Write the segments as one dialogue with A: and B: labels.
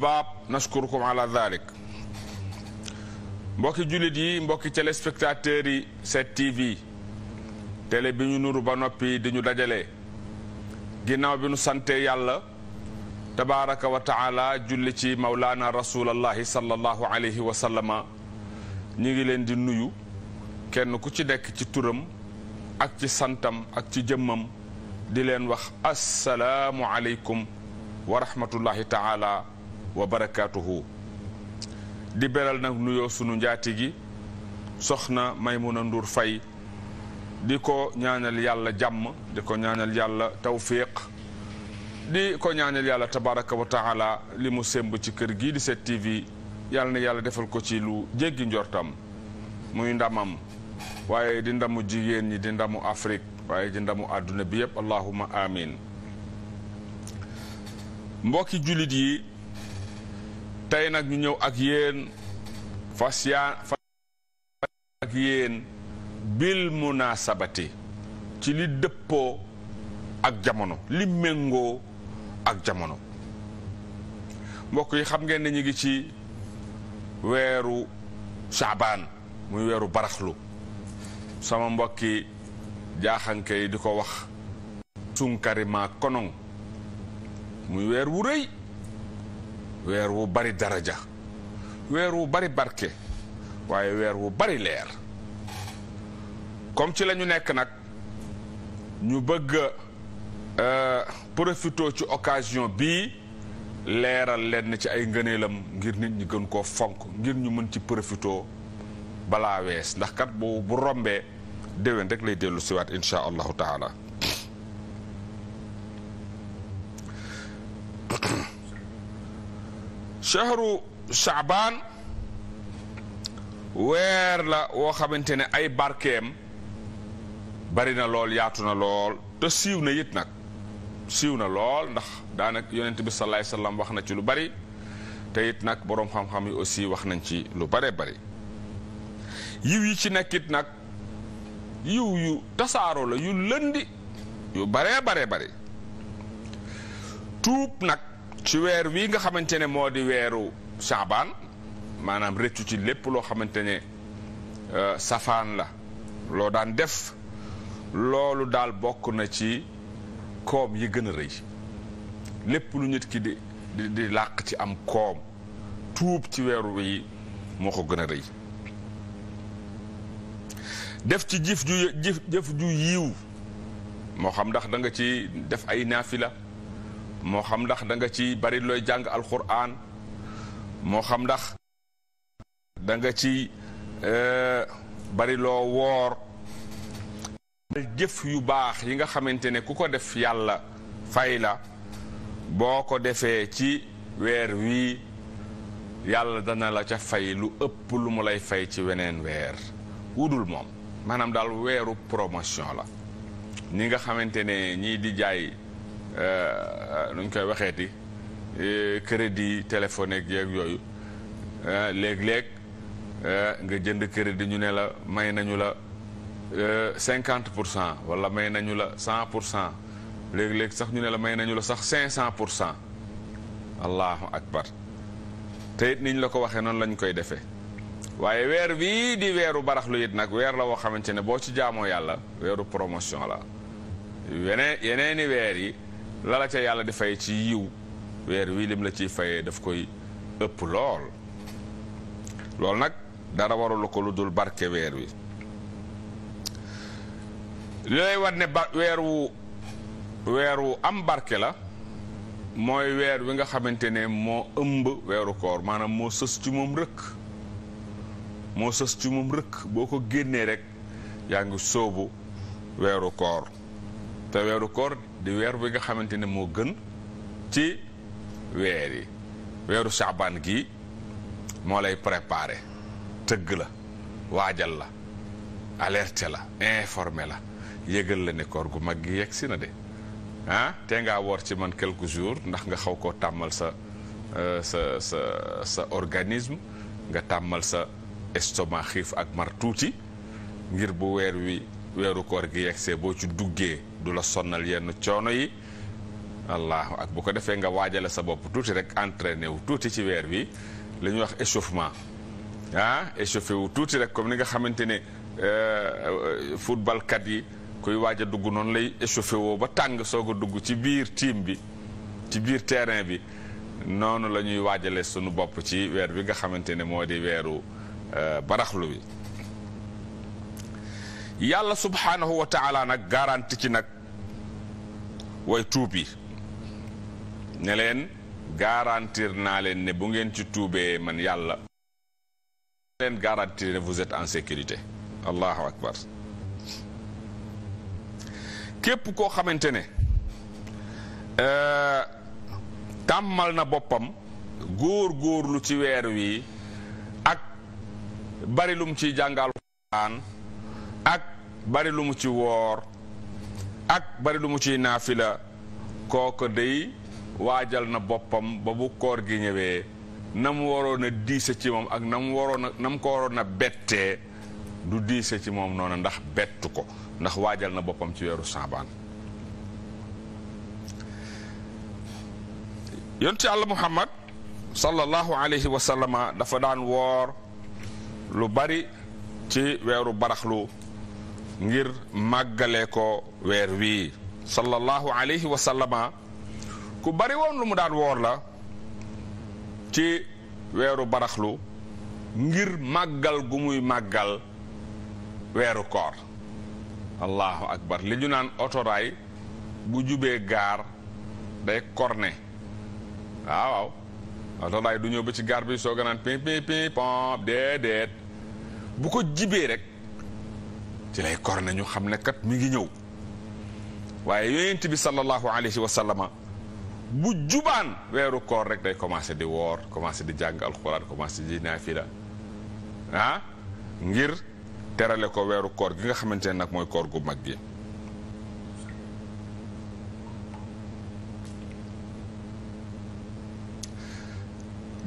A: baab nashkurukum ala dhalik mbokki jullit yi mbokki téléspectateurs yi 7TV télé bi ñu nuru ba noppi di ñu dajale ginnaaw bi ñu sante yàlla tabaraka wa taala julli ci mawlaana rasulallahi sallallahu alayhi wa sallama ñu ngi leen di nuyu kenn ku ci nekk ci turam ak ci santam ak ci jëmmam di leen wax asalaamu aleykum wa rahmatullahi wa barakaatuhu di beral nag nuyoo sunu njaati gi soxna Maymuna Ndour Faye di ko ñaanal yàlla jàmm di ko ñaanal yàlla tawfiq di ko ñaanal yàlla tabaraka wa taala li mu semb ci kër gii di 7TV yàlla na yàlla defal ko ci lu jéggi njortam muy ndamam waaye di ndamu jigéen ñi di ndamu Afrique waaye di ndamu àdduna bi yëpp allahuma amin mbokki jullit yi tey nag ñu ñëw ak yéen fas yaa fas ak yéen bil munasabati ci li dëppoo ak jamono li méngoo ak jamono mbokk yi xam ngeen ne ñu ngi ci weeru caabaan muy weeru baraxlu sama mbokki jaaxanke yi di ko wax sunkari maa konoŋ muy weer wu rëy weer wu bari daraja weer wu bari barke waaye weer wu bari leer comme ci lañu nekk nag ñu bëgg euh, profitoo ci occasion bii leeral leen ci ay ngëneelam ngir nit ñi gën koo fonk ngir ñu mën ci profitoo balaa wees ndax kat bu bu rombee déwén rek lay dellu siwaat insha allahu taala shahru Shaaban weer la woo xamante ne ay barkeem bari na lool yaatu na lool te siiw na yit nag siiw na lool ndax daanaka yonent bi salaay salaam wax na ci lu bari te it nag boroom xam-xam yi aussi wax nañ ci lu bare bari yiw yi ci nekkit nag yiw yu tasaaro la yu lëndi yu baree baree bari tuub nag ci weer wii nga xamante ne moo di weeru Shaabaan maanaam rëccu ci lépp loo xamante ne euh, safaan la loo daan def loolu daal bokk na ci koom yi gën a rëy lépp lu nit ki di di làq ci am koom tuub ci weeru wi moo ko gën a rëy def ci jëf ju jëf ju yiw moo xam ndax danga ci def ay naafila moo xam ndax danga ci bari looy jàng alquran moo xam ndax da nga ci euh, bari loo woor jëf yu baax yi nga xamante ne ku ko def yàlla fay la boo ko defee ci weer wii yàlla dana la ca fay lu ëpp lu mu lay fay ci weneen weer wudul moom maanaam daal weeru promotion la ñi nga xamante ne ñii di jaay Euh, nuñ koy waxeeti euh, crédit téléphonique yeeg yooyu euh, léeg-léeg nga jënd crédit ñu ne la may nañu la cinquante pour cent wala may nañu la cent pour cent léeg-léeg sax ñu ne la may nañu la sax cinq cent pour cent allahu akbar te it niñ la ko waxee noonu lañ koy defee waaye weer bii di weeru baraxlu it nag weer la woo xamante ne boo ci jaamoo yàlla weeru promotion la yeneen yeneeni weer yi la yàlla di fay ci yiw weer wii lim la ciy fayee daf koy ëpp lool loolu nag dara warulu ko lu dul barke weer wi looy war ne ba weer wu weer wu am barke la mooy weer wi nga xamante ne moo ëmb weeru koor maanaam moo sës ci moom rëkk moo sës ci moom rëkk boo ko génnee rek yaa ngi sóobu weeru koor te weeru koor di weer bi nga xamante ne moo gën ci weer yi weeru saabaan gii moo lay préparé tëgg la waajal la alerte la informé la yëgal la ne koor gu mag gi yegg si na de ah tee ngaa woor ci man quelques jours ndax nga xaw koo tàmmal sa euh, sa sa sa organisme nga tàmmal sa estomac xiif ak mar tuuti ngir bu weer wi weeru koor gi yegg see boo ci duggee du la sonnal yenn coono yi allahu ak bu ko defee nga waajale sa bopp tuuti rek entraîné wu tuuti ci weer bi li ñuy wax échauffement ah échauffé wu tuuti rek comme ni nga xamante ne euh, footballkat yi koy waaj a dugg noonu lay échauffé woo ba tàng soog a dugg ci biir team bi ci biir terrain bi noonu la ñuy waajale sunu bopp ci weer bi nga xamante ne moo di weeru euh, baraxlu wi yàlla subhaanahu wa taala nag garanti ci nag way tuub yi ne leen garantir naa leen ne bu ngeen ci tuubee man yàlla leen garantir ne vous en sécurité allahu akbar képp koo xamante ne euh, tàmmal na boppam góor góorlu ci weer wi ak bari lum ci jàngal Alxuraan ak bari lu mu ci woor ak bari lu mu ci naafila kooku day waajal na boppam ba bu koor gi ñëwee na mu waroon a diise ci moom ak na mu waroon a ko waroon a bettee du diise ci moom noonu ndax bettu ko ndax waajal na boppam ci weeru saabaan ci àll Muhammad sallallahu alayhi wa dafa daan woor lu bari ci weeru baraxlu ngir màggale ko weer wii sallallahu alayhi wa ku bari woon lu mu daan woor la ci weeru baraxlu ngir màggal gu muy màggal weeru koor allahu akbar li ñu naan otoraay bu jubee gaar day korne waaw waaw otoraay du ñëw ba ci gaar bi soo ganaan pin pin pin pomp déedéet bu ko jibee rek ci lay kor nañu xam ne kat mu ngi ñëw waaye yonent bi sallallahu alayhi wa sallama bu jubaan weeru koor rek day commencé di woor commencé di jàng alxuraan commencé di naafila ah ngir terale ko weeru koor gi nga xamante ne nag mooy koor gu mag gi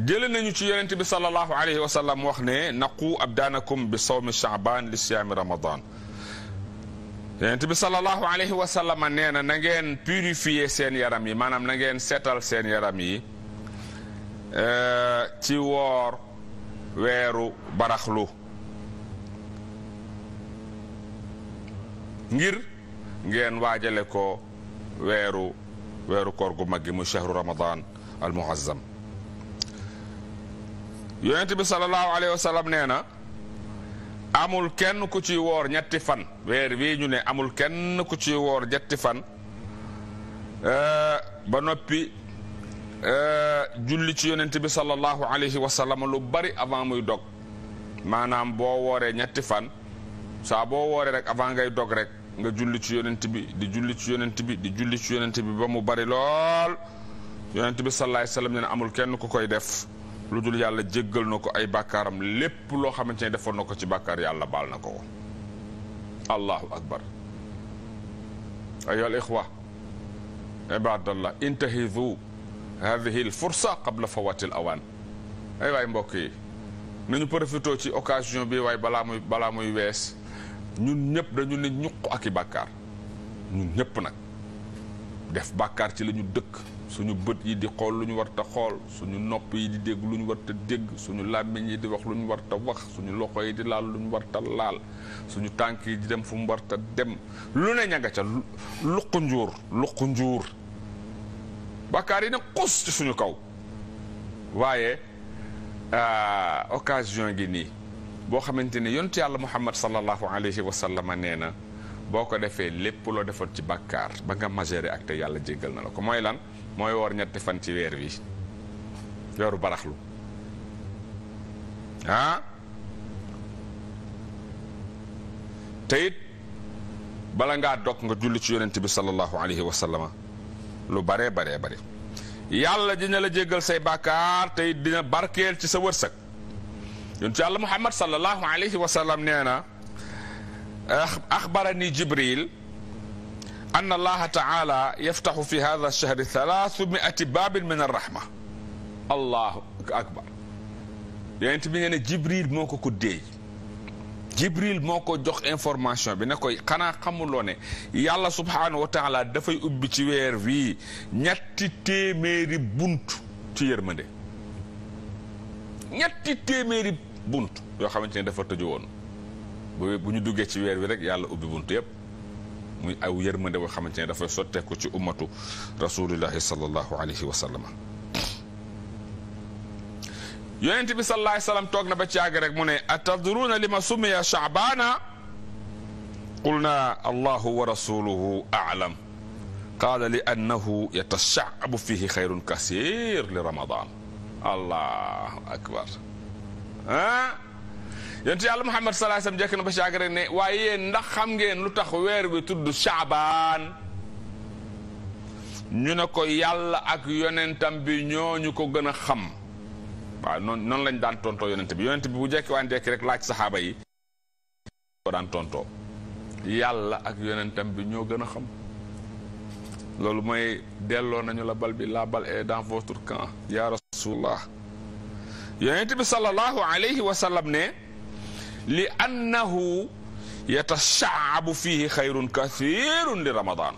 A: jële nañu ci yonente bi salallahu alayhi wa sallam wax ne naqu abdaanakum bi sawmi chaaban li siyaami ramadan yonente bi salallahu alayhi wa sallam nee na na ngeen purifier seen yaram yi maanaam na ngeen seetal seen yaram yi eh, ci woor weeru baraxlu ngir ngeen waajale ko weeru weeru koor gu mag gi muy chahru ramadan al muazzam yonent bi salallaahu alayhi wa sallam na amul kenn ku ci woor ñetti fan weer wii ñu ne amul kenn ku ci woor ñetti fan ba noppi julli ci yonent bi salallaahu alayhi wa sallam lu bari avant muy dog maanaam boo wooree ñetti fan saa boo wooree rek avant ngay dog rek nga julli ci yonent bi di julli ci yonent bi di julli ci yonent bi ba mu bari lool yonent bi salallaahu alayhi wa sallam amul kenn ku koy def lu dul yàlla jéggal na ko ay bakkaaram lépp loo xamante ne defoon na ko ci bàkkaar yàlla baal na ko ko allahu akbar ayoha al ixwa ibadallah intahidu hadihi l fursa qabla fawati awaan ay waay mbokk yi nañu profité ci occasion bi waaye balaa muy balaa muy wees ñun ñëpp dañu ne ñuq ak i bàkkaar ñun ñëpp nag def bàkkaar ci lañu dëkk suñu bët yi di xool lu ñu war ta xool suñu nopp yi di dégg lu ñu war ta dégg suñu làmmiñ yi di wax lu ñu war ta wax suñu loxo yi di laal lu ñu war ta laal suñu tànk yi di dem fu mu war dem lu ne ña nga ca luqu njuur luqu njuur bàkkaar yi ne xus ci suñu kaw waaye euh, occasion gi nii boo xamante ne yontu yàlla muhammad sallallahu alayhi wa sallam nee na boo ko defee lépp loo defoon ci bàkkaar ba nga majeur ak te yàlla jéggal na la ko mooy lan mooy war ñetti fan ci weer wi weeru baraxlu ah te bala ngaa dog nga julli ci yonent bi sallallahu alayhi wa sallama lu baree baree bari yàlla dina la jéggal say bàkkaar te it dina barkeel ci sa wërsëg ci yàlla muhammad sallallahu alayhi wa sallam nee na axbarani jibril anna allaha taala yaftaxu fi hada alchahri talaasu miati baabin min arrahma allahu akbar yonent bi nee na jibril moo ko ko déey jibril moo ko jox information bi ne koy xanaa xamuloo ne yàlla subhaanahu wa taala dafay ubbi ci weer wii ñetti téeméeri bunt ci yërmande ñetti téeméeri bunt yoo xamante ne dafa tëju woon bu bu ñu duggee ci weer wi rek yàlla ubbi bunt yëpp muy aw yërmande boo xamante ne dafay sotteeku ci ummatu rasulillahi sallallahu alayhi wa sallam. yonent bi sallallahu alayhi wa sallam toog na ba ci àgg mu ne atadruuna li ma summiya chaabaana qul na allahu wa rasuluhu alam qaala li annahu li ramadan allahu akbar yonent yàlla Muhammad sallallahu alayhi wasallam jekk na ba caag rek ne waaye yéen ndax xam ngeen lu tax weer wi tudd Caabaan ñu ne ko yàlla ak yonentam bi ñooñu ko gën a xam waaw noonu noonu lañ daan tontoo yonent bi yonent bi bu jekki waan jekki rek laaj saxaaba yi ko daan tontoo yàlla ak yonentam bi ñoo gën a xam loolu mooy delloo nañu la bal bi la bal est dans votre camp ya rasulullah yonent bi sallallahu alayhi wa sallam ne li annahu yatashaabu fihi xayrun kathirun li ramadan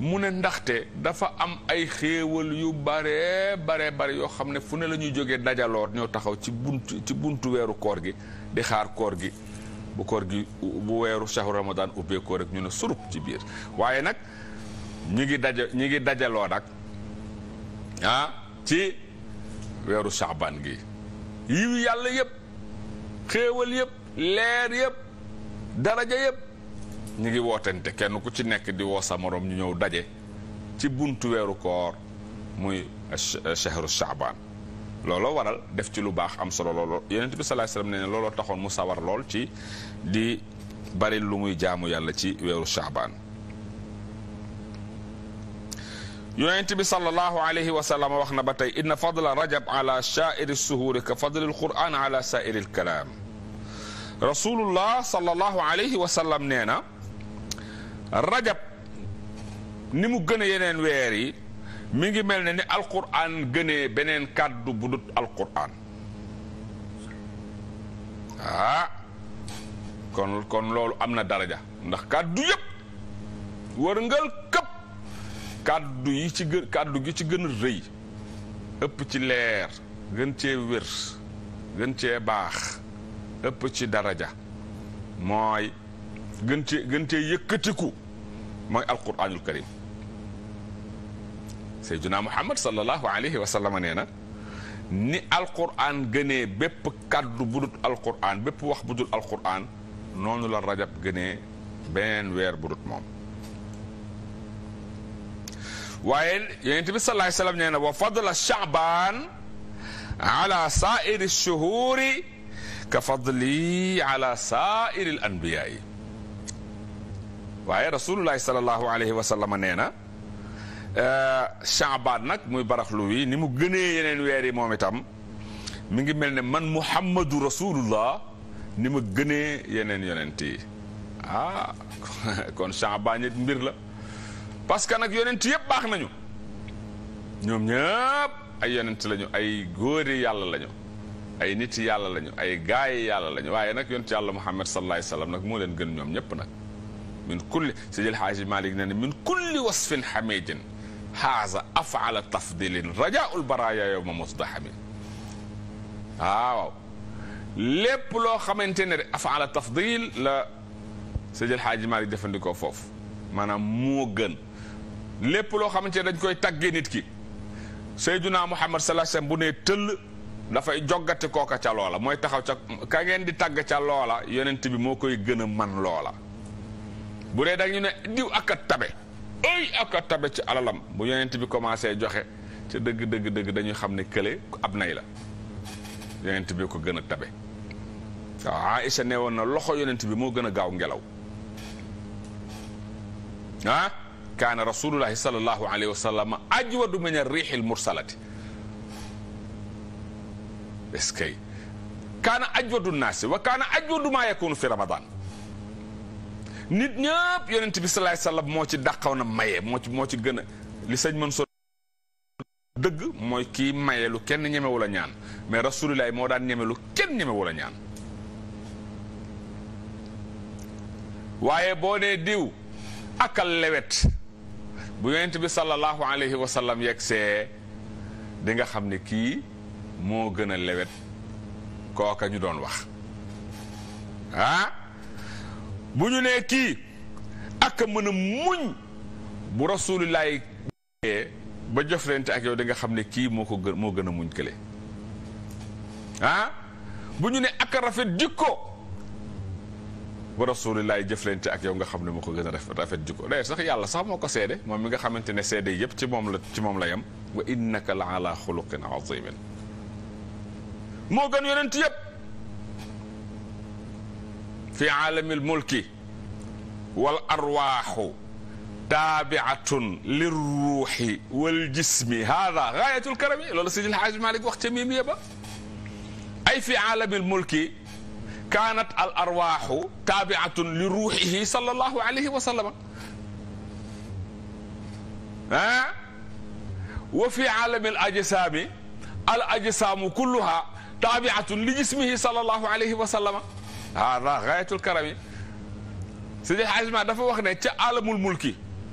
A: mu ne ndaxte dafa am ay xéewal yu bare bare bare yoo xam ne fu ne la jóge jógee ñoo taxaw ci buntu ci buntu weeru koor gi di xaar koor gi bu koor gi bu weeru shahru ramadan ubbeekoo rek ñu ne surub ci biir waaye nag ñu ngi daja ñi ngi dajaloo nag ah ci weeru shaaban gi yiw yàlla yépp xéewal yëpp leer yëpp daraja yëpp ñu ngi wootante kenn ku ci nekk di woo sa ñu ñëw daje ci buntu weeru koor muy shahru shaaban looloo waral def ci lu baax am solo looloo yonent bi sallallahu alayhi wasallam ne ne looloo taxoon mu sawar lool ci di bari lu muy jaamu yàlla ci weeru shaaban yonent bi sallallahu alayhi wa sallam wax na ba tey inna fadla rajab ala sha'iri suhuuri ka fadlil qur'an ala sa'iril kalaam rasulullah sallallahu alayhi wa sallam nee na rajab ni mu gën yeneen weer yi mi ngi mel ne ni alqur'an gënee beneen kàddu bu dut alqur'an ah, kon kon loolu am na daraja ndax kàddu yépp wërngal këpp kàddu yi ci gën kàddu gi ci gën a rëy ëpp ci leer gën cee wér gën cee baax ëpp ci daraja mooy gën cee gën cee yëkkatiku mooy alquranul karim Seydina Muhammad sallallahu alayhi wa sallam nee na ni alquran gënee bépp kàddu bu dul alquran bépp wax bu dul alquran noonu la rajab gënee beneen weer bu dul moom waaye yonent bi salaay salaam nee na wa fadla chaabaan ala saairi shuhuri ka fadli ala saairi l anbiyaai waaye rasulullahi salallahu alayhi wa sallam nee na chaabaan eh, nag muy baraxlu wi ni mu gënee yeneen weer yi moom itam mi ngi mel ne man muhammadu rasulullah ni ma gënee yeneen yonent yi ah kon chaabaan it mbir la parce que nag yonent yëpp baax nañu ñoom ñëpp ay yonent lañu ay góori yàlla lañu ay nit yàlla lañu ay gaay yàlla lañu waaye nag yonent yàlla muhammad sallallahu alayhi wasallam nag moo leen gën ñoom ñëpp nag min kulli Seydi El Hadji Malick nee na min kulli wasfin hamidin haaza afala tafdilin rajaul baraya yowma musdahamin waaw loo xamante ne afala tafdil la Seydi El Hadji Malick jëfandikoo foofu maanaam moo gën lépp loo xamante ne dañ koy tàggee nit ki naa Muhammad sallallahu alayhi wasallam bu ne tëll dafay joggati kooka ca loola mooy taxaw ca ka ngeen di tàgg ca loola yonent bi moo koy gën a man loola bu dee dañu ne diw ak tabe ay ak tabe ci alalam bu yonent bi commencé joxe ca dëgg dëgg dëgg dañuy xam ne kële ab nay la yonent bi ko gën tabe waaw Aïcha ne woon na loxo yonent bi moo gën a gaaw ngelaw ah? kaana rasulullahi sallallahu alayhi wa sallam ajwadu min arriixi almursalati est-ce que kaana ajwadu naasi wa kaana ajwadu maa yakunu fi ramadan nit ñëpp yonent bi salaay sallam moo ci dàqaw na maye moo ci gën li sëñ mën so dëgg mooy kii maye lu kenn ñemewu la ñaan mais rasulilaay moo daan ñeme lu kenn ñemewu la ñaan waaye boo diw akal lewet bu yonent bi sallallahu alayhi wa sallam yegg see di xam ne kii moo gën a lewet kooka ñu doon wax ah bu ñu nee kii ak mën a muñ bu rasulillahi ba jëflante ak yow dinga xam ne kii moo ko gën moo gën a muñ kële ah bu ñu ne ak rafet jikko ba rasulilaay jëflante ak yow nga xam ne moo ko gën a rafet jikko day sax yàlla sax moo ko seede moom mi nga ne seede yëpp ci moom la moom la yem wa innaka la ala xuluqin azimin moo gën yonent yëpp fi aalamil mulki wal arwaaxu taabiatun lir ruuxi wal jismi haada Malik wax ca miim ay fi aalamil mulki kaanat al arwaaxu taabiatun li ruuxihi sallallahu alayhi wa sallam ah wa fi aalami al ajsaami al ajsaamu kulluha taabiatun li jismihi sallallahu alayhi wa sallam hada gaayatul karami Seydi Hadji Malick dafa wax ne ca alamul mulki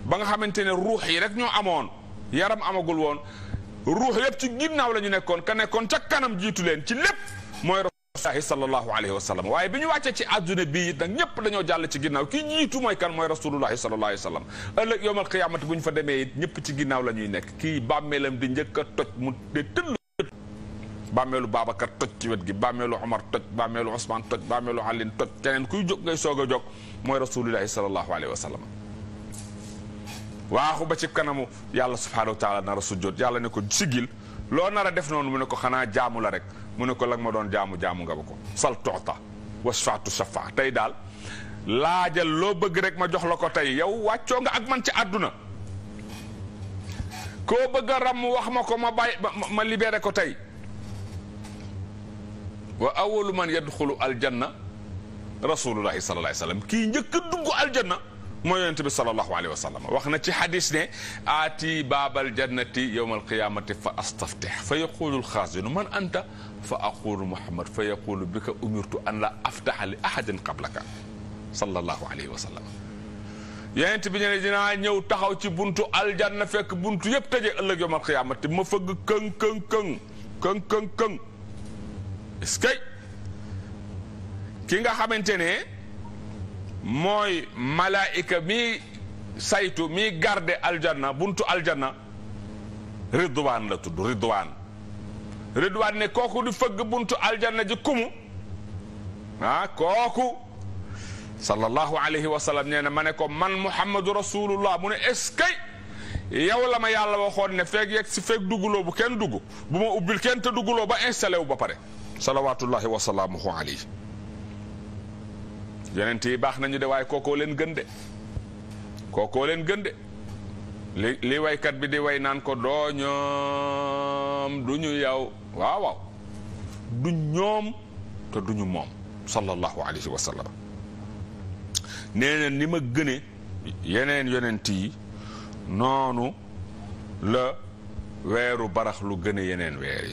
A: ba nga xamante ne ruux yi rek ñoo amoon yaram amagul woon ruux yëpp ci ginnaaw la ñu nekkoon ka nekkoon ca kanam jiitu leen ci lépp mooy rasulullahi sallallahu alayhi wa sallam waaye bi ñu wàccee ci adduna bii it nag ñëpp dañoo jàll ci ginnaaw ki jiitu mooy kan mooy rasulullahi sallallahu alayhi wa sallam ëllëg yowmal qiyaamati bu ñu fa demee it ñëpp ci ginnaaw la ñuy nekk kii bàmmeelam di njëkk a toj mu bàmmeelu Babacar toj ci wet gi bàmmeelu Omar toj bàmmeelu Ousmane toj bàmmeelu Alin toj keneen kuy jóg ngay soog a jóg mooy rasulullahi sallallahu alayhi wa sallam waaxu ba ci kanamu yàlla subhanahu wa taala nar a sujjóot yàlla ne ko sigil loo nar def noonu mu ne ko xanaa jaamu la rek mu ne ko lag ma doon jaamu jaamu nga ba ko sal toxta wasfaatu safa tey daal laajal loo bëgg rek ma jox la ko tey yow wàccoo nga ak man ci àdduna koo bëgg a ram wax ma ko ma bàyyi ma libéré ko tey wa awalu man yadxulu aljanna rasulullahi sallallahu alayhi wa sallam kii njëkk a dugg aljanna mooy yonent bi sallallahu alayhi wa sallam wax na ci xadis ne aati baabal jannati yowma alqiyamati fa astaftih fa yaqulu alxaazinu man anta fa aqulu muhammad fa yaqulu bika umirtu an la aftaha li ahadin qablaka sallallahu alayhi wa sallam yonent bi ne dinaa ñëw taxaw ci buntu aljanna fekk buntu yëpp tëje ëllëg yowma alqiyamati ma fëgg këng këng këng këng këng këng est-ce que ki nga xamante ne mooy malaayika mi saytu mi garde aljanna buntu aljanna ridwaan la tudd ridwaan ridwaan ne kooku di fëgg buntu aljanna ji kumu ah kooku sallallahu alayhi wa sallam nee na ma ne ko man muhammadu rasulullah mu ne eskay yow la ma yàlla waxoon ne feeg yegg si feeg dugguloo bu kenn dugg bu ma ubbil kenn te dugguloo ba installé wu ba pare salawatullahi wa salaamuhu yonent yi baax nañu de waaye kookoo leen gën de kookoo leen gën de li waykat bi di way naan ko doo ñoom du ñu yow waaw waaw du ñoom te du ñu moom sallallahu alayhi wa nee na ni ma gëne yeneen yonent yi noonu la weeru barax lu gën a yeneen weer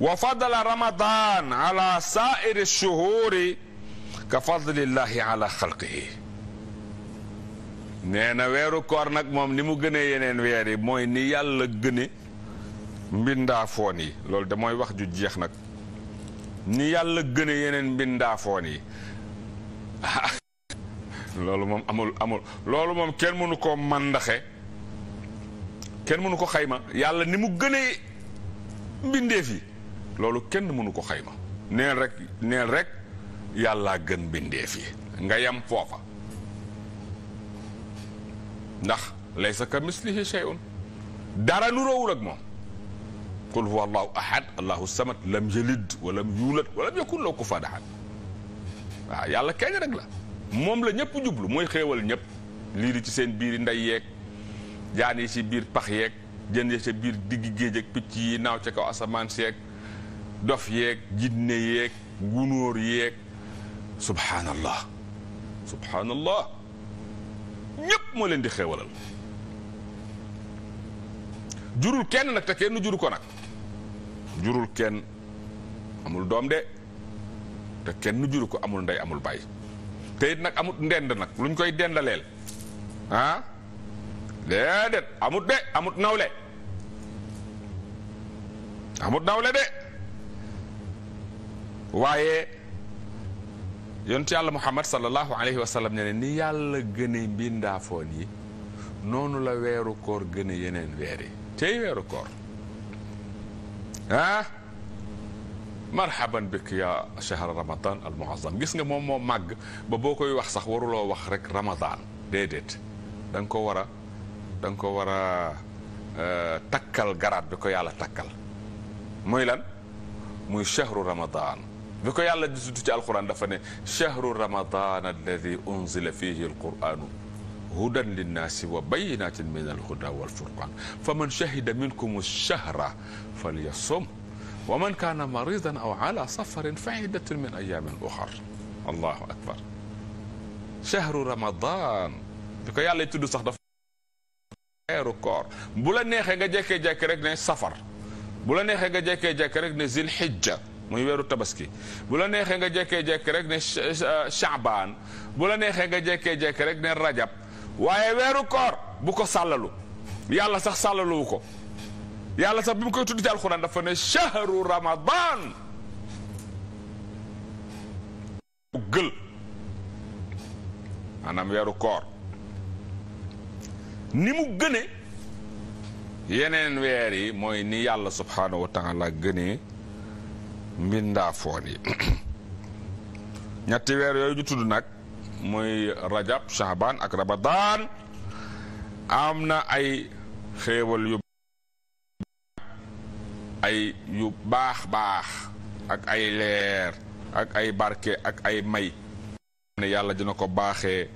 A: wa fadala ramadan ala sairi shuhuri ka fadlillahi ala xalqihi nee na weeru koor nag moom ni mu gënee yeneen weer yi mooy ni yàlla gëne mbindaafoon yi loolu de wax ju jeex nag ni yàlla gëne yeneen mbindaafoon yi loolu moom amul amul loolu moom kenn mënu koo mandaxe kenn mënu ko xayma yàlla ni mu gënee mbindeef yi loolu kenn mënu ko xayma neel rek neel rek yàlla gën bindeef yi nga yam foofa ndax laysa ka mislihi shay'un dara nu roowul ak moom qul huwa allahu ahad allahu samad lam yalid walam yuulad walam yakun lahu kufuwan ahad waaw yàlla kenn rek la moom la ñëpp jublu mooy xéewal ñépp lii di ci seen biir ndey yeeg jaan yi ci biir pax yeeg jën yi ca biir digg géej ak picc yi naaw ca kaw asamaan seeg dof yeeg jinne yeeg gunóor yeeg subhaanallah subhaanallah ñëpp moo leen di xéewalal jurul kenn nag te kenn juru ko nag jurul kenn amul doom de te kenn juru ko amul ndey amul baay te it ndend nag luñ koy dendaleel ah déedéet amut de amut nawle amut nawle de waaye yonent yàlla muhammad sallallahu alayhi wa sallam ne ni yàlla gëne mbindaafoon yi noonu la weeru koor gëne yeneen weer yi tey weeru koor ah marhaban bik ya shahr ramadan al muazzam gis nga moom moo màgg ba boo koy wax sax waruloo wax rek ramadan déedéet da nga ko war a da nga war a eh, takkal garaat bi ko yàlla takkal muy lan muy shahru ramadan bi ko yàlla di sutu ci alquran dafa ne chahru ramadan alladi unzila fihi alquranu hudan linnaasi wa bayinatin min alhuda walfurqan fa man shahida minkum chahra falyasum wa man kaana maridan aw ala safarin fa iddatun min ayamin uxar allahu akbar chahru ramadan bi ko yàlla tudd sax dafa weeru koor bu la neexee nga jekkee-jekk rek ne safar bu la neexee nga jekkee-jekk rek ne zilhijja muy weeru tabaski bu la neexee nga jekkee-jekk rek ne chaabaan bu la neexee nga jekkee-jekk rek ne rajab waaye weeru koor bu ko sàllalu yàlla sax sàllaluwu ko yàlla sax bi mu koy tudd ci alxuraan dafa ne shahru ramadan gël maanaam weeru koor ni mu gëne yeneen weer yi mooy ni yàlla subhaanahu wa taala gënee mbindaafoon yi ñetti weer yooyu ñu tudd nag muy rajab shahbaan ak ramadaan am na ay xéewal yu ay yu baax baax ak ay leer ak ay barke ak ay may ne yàlla na ko baaxe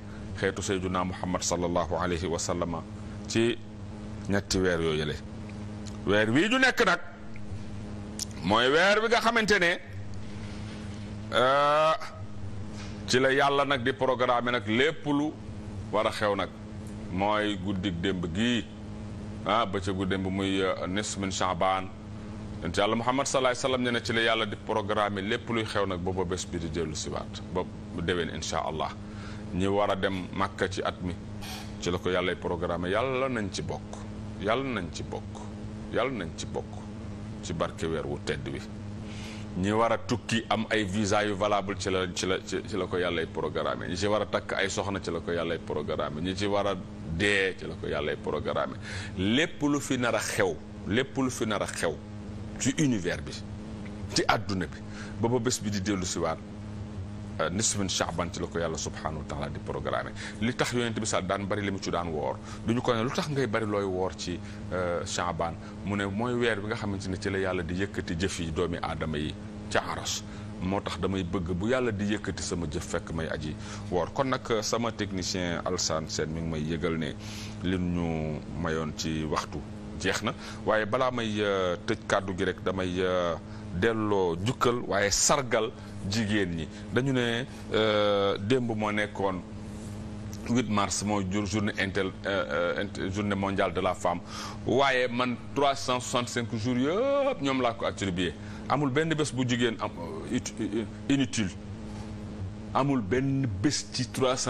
A: xeetu sayduna muhammad sallallahu alayhi wa sallama ci ñetti weer yooyu le weer wii ñu nekk nag mooy weer bi nga xamante ne euh, ci la yàlla nag di programme nag lépp lu war a xew nag mooy guddi démb gii ah bëccëgu démb muy euh, nis min chaban yonent yàlla muhammad salaay salaam ne na ci la yàlla di programme lépp luy xew nag booba bés bi di dellu siwaat ba mu déwén incha allah ñi war a dem màkka ci at mi ci la ko yàllay programme yàlla nañ ci bokk yàlla nañ ci bokk yàlla nañ ci bokk ci barke weer wu tedd wi ñi war a tukki am ay visa yu valable ci la ci la ci la ko yàllay programme ñi ci war a takk ay soxna ci la ko yàllay programme ñi ci war a dee ci la ko yàllay programme lépp lu fi nar xew lépp lu fi nar a xew ci univers bi ci àdduna bi ba ba bés bi di dellu siwaat Euh, nisfin shaaban ci la ko yàlla subhaanahu wa taala di programme li tax yonent bi sax daan bari li mu ci daan woor duñu ko ne lu tax ngay bari looy woor ci euh, shaaban mu ne mooy weer bi nga xamante ne ci la yàlla di yëkkati jëf yi doomi aadama yi ca aras moo tax damay bëgg bu yàlla di yëkkati sama jëf fekk may aji woor kon nag euh, sama technicien Alsaan Seen mi ngi may yëgal ne li ñu mayoon ci waxtu jeex na waaye balaa may tëj kàddu gi rek damay delloo jukkal waaye sargal jigéen ñi dañu ne euh, démb moo nekkoon 8 mars mooy journée euh, euh, inter journée mondiale de la femme waaye man cent 365 jours yëpp ñoom laa ko attribué amul benn bés bu jigéen am inutile amul benn bés ci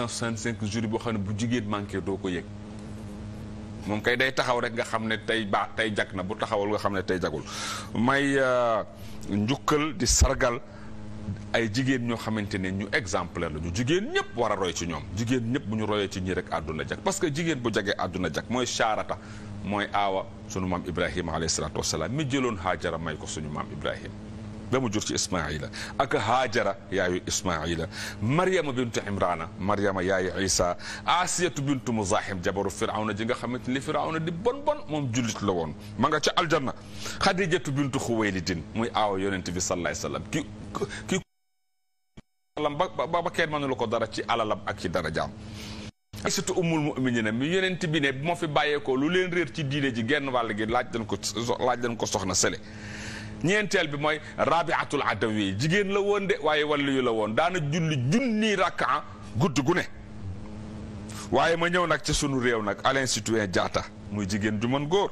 A: cent cinq jours yi boo xam ne bu jigéen manqué doo ko yëg. moom kay day taxaw rek nga xam ne tey baax tey jag na bu taxawul nga xam ne tey jagul may euh, njukkal di sargal ay jigéen ñoo xamante ne ñu exemplaire la ñu jigéen ñëpp war a roy ci ñoom jigéen ñëpp bu ñu royee ci ñi rek àdduna jag parce que jigéen bu jagee àdduna jag mooy charata mooy aawa sunu maam Ibrahima alayhi salaatu wasalaam mi jëloon Haajara may ko suñu maam Ibrahima ba mu jur ci ismaila ak haajara yaayu ismaila maryama bintu imrana maryama yaayu isa asiyatu bintu muzahim jabaru firawna ji nga xamante ni firawna di bon bon moom jullit la woon ma nga ca aljanna xadijatu bintu xuwaylidin muy aawa yonente bi sallallahu alayhi wasallam ki ki alam ba ba kenn mënu la ko dara ci alalam ak ci dara jaam surtout umul muminina mi yonent bi ne bu ma fi bàyyeekoo lu leen réer ci diine ji genn wàll gi laaj dañ ko laaj dañ ko soxna sele ñeenteel bi mooy rabiatul adawi jigéen la woon de waaye waliyu la woon daana julli junni rakka gudd gu ne waaye ma ñëw nag ci sunu réew nag Alain Sitoé Diatta muy jigéen ju mën góor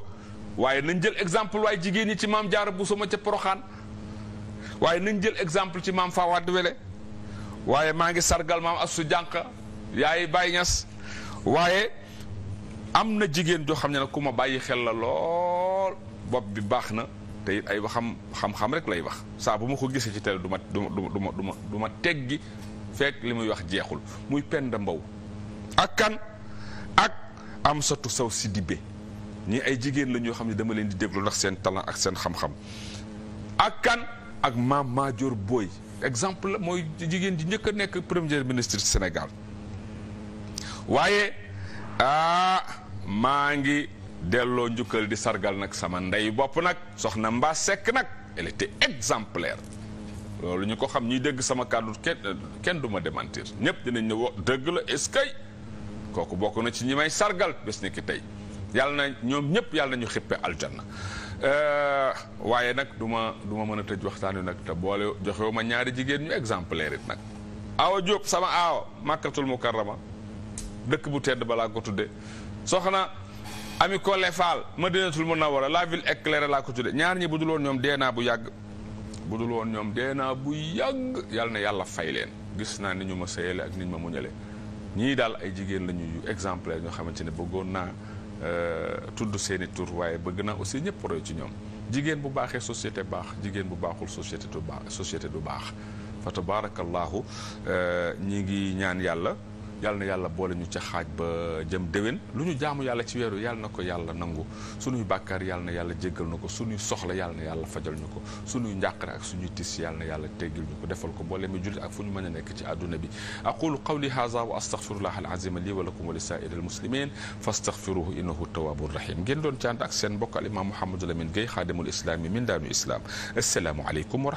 A: waaye nañ jël exemple waaye jigéen ñi ci maam Jaara Buso ma ca Poroxaan waaye nañ jël exemple ci maam Fawad Wele waaye maa ngi sargal maam Assu Jànq yaay Baay Ñas waaye am na jigéen joo xam ne ku ma bàyyi xel la lool bopp bi baax na te ay waxam xam-xam rek lay wax saa bu ma ko gisee ci télé du ma du ma du ma du ma teggi fekk li muy wax jeexul muy Penda Mbow ak kan ak Amsatou Sow Sidibé ñi ay jigéen la ñoo xam ne dama leen di déglu ndax seen talent ak seen xam-xam ak kan ak Mame Madior Boye exemple la mooy jigéen ji njëkk a nekk premier ministre Sénégal waaye aa ah, maa ngi delloo njukkal di sargal nag sama ndey bopp nag soxna mbaa sekk nag elle était exemplaire loolu ñu ko xam ñuy dégg sama kàddu kenn kenn du ma démentir ñëpp dinañ ne wo dëgg la est-ce que kooku bokk na ci ñi may sargal bés ni ki tey yàlla na ñoom ñëpp yàlla nañu xippe aljanna euh, waaye nag duma ma du ma mën a tëj waxtaan wi nag te boole joxewu ma ñaari jigéen ñu exemplaire it nag aawa Jóob sama aawa màkkatul mukarrama dëkk bu tedd balaa ko tudde soxna ami Kole Fall Madinatul Munawwara la ville éclairée laa ko tudde ñaar ñi budul woon ñoom dee naa bu yàgg dul woon ñoom dee naa bu yàgg yàlla na yàlla fay leen gis naa ni ñu ma sëyale ak ni ñu ma muñale ñii daal ay jigéen la ñuy exemplaire ñoo xamante ne bëggoon naa euh, tudd seeni tur waaye bëgg naa aussi ñëpp roy ci ñoom jigéen bu baaxee société baax jigéen bu baaxul société du baax société du baax fa tabarakallahu euh, ñi ngi ñaan yàlla yàlla na yàlla boole ñu ca xaaj ba jëm déwén lu ñu jaamu yàlla ci weeru yàlla na ko yàlla nangu suñuy bàkkaar yàlla na yàlla jéggal na ko suñuy soxla yàlla na fajal ñu ko suñuy njàqare ak suñuy tis yàlla na yàlla teggil ñu ko defal ko boole mi jullit ak fu ñu mën a nekk ci àdduna bi aqulu qawli haza wa astaghfirullah alazima li wa lakum wa li saa'iri almuslimin fastaghfiruhu innahu tawwabur rahim ngeen doon ci ànd ak seen mbokk al imam Mouhamadou Lamine Gueye min daanu islam assalaamu aleykum